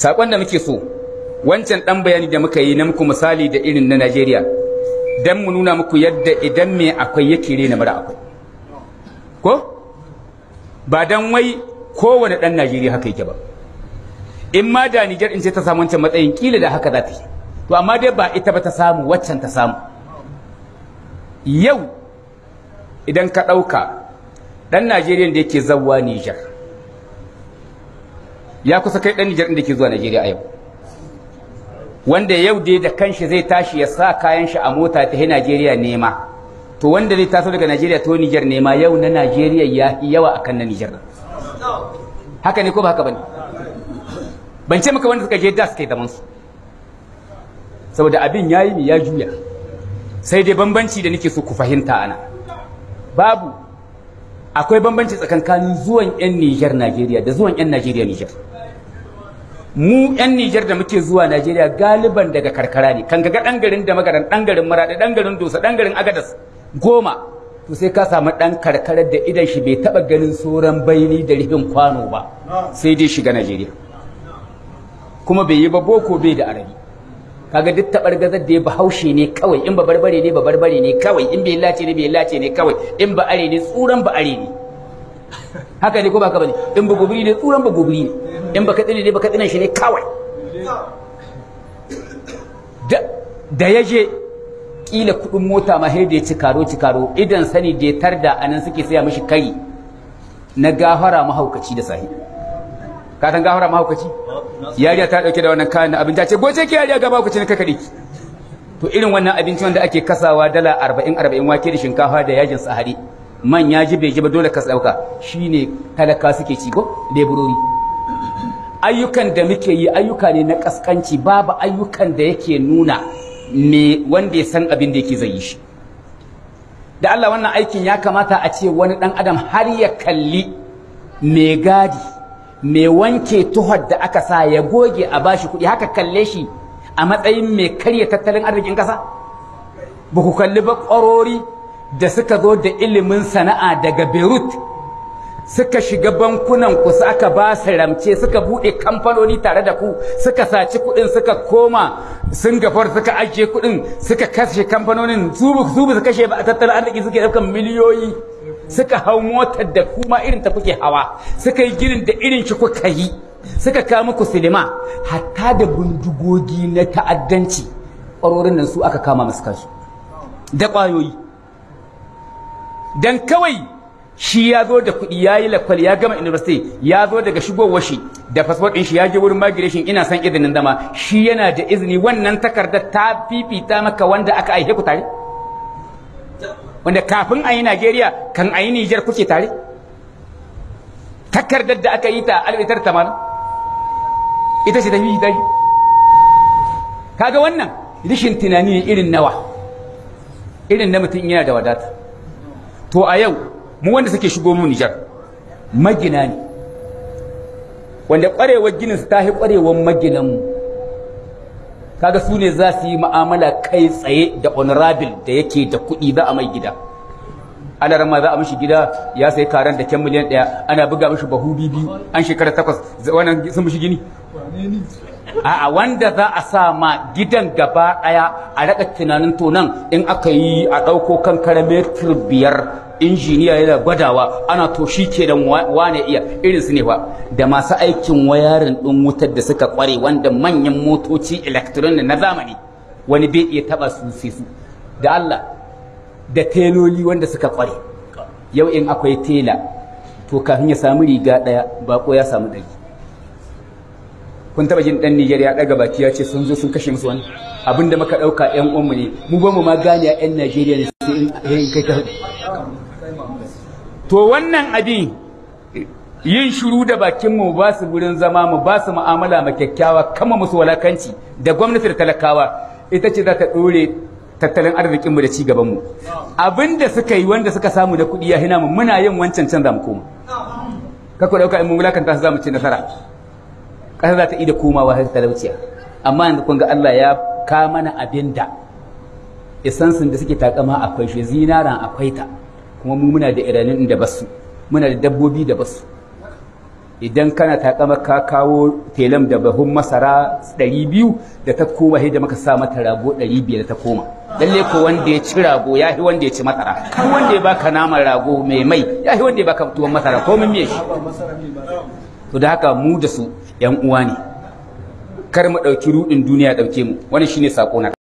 saƙon da muke so wancan ɗan bayani da muka yi na muku misali da irin na Najeriya dan mu nuna muku yadda idan me akwai yake rena mara akwai ko ba dan wai kowane dan Najeriya haka yake ba in ma da Niger in ce ta samu wancan matsayin kila da haka za ta yi to amma dai ba ita ba ta samu waccan ta samu yau idan ka ɗauka ɗan Najeriya da yake zawwa Niger ya kusa kai dan Nijar inda ke zuwa Najeriya a yau wanda yau dai da kanshi zai tashi ya sa kayan shi a mota ta Najeriya nema to wanda zai taso daga Najeriya to Nijar nema yau na Najeriya ya fi yawa akan na Nijar haka ne ko ba haka bane ban ce maka wanda suka je da suka yi zaman su saboda abin yayi ya juya sai dai bambanci da nake so ku fahimta ana babu akwai bambanci tsakankanin zuwan 'yan Nijar Najeriya da zuwan 'yan Najeriya Nijar. Mu 'yan Nijar da muke zuwa Najeriya galiban daga karkara ne, kan ga ɗangarin da magaran, ɗangarin maraɗi, dosa, ɗangarin agadas goma. To sai ka samu ɗan karkarar da idan shi bai taɓa ganin sauran baini da rufin kwano ba, ah. sai dai shiga Najeriya. Kuma bai yi ba boko bai da arabi. kaga duk tabar gazar da ya bahaushe ne kawai in ba barbare ne ba barbare ne kawai in bai lace ne bai lace ne kawai in ba are ne tsuran ba are ne haka ne ko ba ka bane in ba gobiri ne tsuran ba gobiri ne in ba katsina ne ba katsinan shi ne kawai da ya je kila kudin mota ma hede ci karo ci karo idan sani da ya tarda anan suke saya mishi kai na gafara mahaukaci da sahi ka tan gafara mahaukaci yariya ta dauke da wannan kayan abin ta ce goce ki yariya gaba ku ci ka kadi to irin wannan abinci wanda ake kasawa dala 40 40 wake da shinkafa da yajin sahari man ya ji bai dole ka sauka shine talaka suke ci go leburori ayyukan da muke yi ayyuka ne na kaskanci babu ayyukan da yake nuna me wanda ya san abin da yake zai yi shi da Allah wannan aikin ya kamata a ce wani dan adam har ya kalli me gadi mai wanke tuhar da aka sa ya goge a bashi kuɗi haka kalle shi a matsayin mai karya tattalin arzikin ƙasa ba ku kalli ba ƙwarori da suka zo da ilimin sana'a daga beirut suka shiga bankunan ku aka ba su ramce suka buɗe kamfanoni tare da ku suka saci kuɗin suka koma singapore suka ajiye kuɗin suka kashe kamfanonin su su kashe ba a tattalin arziki suke ɗaukan miliyoyi suka hau motar da kuma irin ta kuke hawa suka yi ginin da irin shi kuka yi suka kawo muku silima hatta da bindigogi na ta'addanci ƙwarorin nan su aka kama masu kansu da ƙwayoyi dan kawai shi ya zo da kuɗi ya yi lakwal ya gama university ya zo daga shigowar shi da fasfot ɗin shi ya je wurin migration ina son izinin zama shi yana da izini wannan takardar ta fifita maka wanda aka aihe ku tare wanda kafin a yi Najeriya kan a yi Nijar kuke tare takardar da aka yi ta alwitar tamar ita ce ta yi ta kaga wannan rishin tunani irin nawa irin na mutum yana da wadata to a yau mu wanda suke shigo mu Nijar magina ne wanda ƙwarewar ginin su ta yi ƙwarewar maginanmu. kaga su ne za su yi ma'amala kai tsaye da honorable da yake da kuɗi za a mai gida ana rama za a mishi gida ya sayi karan da kyan miliyan ɗaya ana buga mishi bahu biyu an shekara takwas wannan sun mishi gini a'a wanda za a sa ma gidan gaba daya a raka tunanin to in aka yi a ɗauko kan metir biyar injiniya yana gwadawa ana to shi ke da wane iya irin su ne ba da masu aikin wayarin ɗin wutar da suka kware wanda manyan motoci electronic na zamani wani bai iya taba su sai su da Allah da teloli wanda suka kware yau in akwai tela to kafin ya samu riga ɗaya bako ya samu ɗari kun taba jin dan Niger ya daga baki ya ce sun zo sun kashe musu wani abinda muka dauka yan uwanmu ne mu ba mu ma gane yan Najeriya ne sai in kai ka to wannan abin yin shiru da bakin mu ba su wurin zama mu ba su mu'amala ma kyakkyawa kama musu walakanci da gwamnati da talakawa ita ce za ta dore tattalin arzikin mu da ci gaban mu abinda suka yi wanda suka samu da kuɗi ya hina mu muna yin wancan can za mu koma ka ku dauka in mun wulakanta su za mu ci nasara Ƙasa za ta ida komawa har talauciya amma yanzu kun ga Allah ya ka mana abin da isansun da suke takama akwai shi zinaran akwai ta kuma mu muna da iranin da basu muna da dabbobi da basu idan kana kama ka kawo telam da bahun masara 200 da ta koma sai maka sa mata rago 500 da ta koma lalle ko wanda ya ci rago ya fi wanda ya ci masara ko wanda ya baka naman rago mai mai ya fi wanda ya baka tuwon masara ko min me shi to da haka mu da su yan uwa ne kar mu ɗauki rudin duniya ɗauke mu wannan shine sako na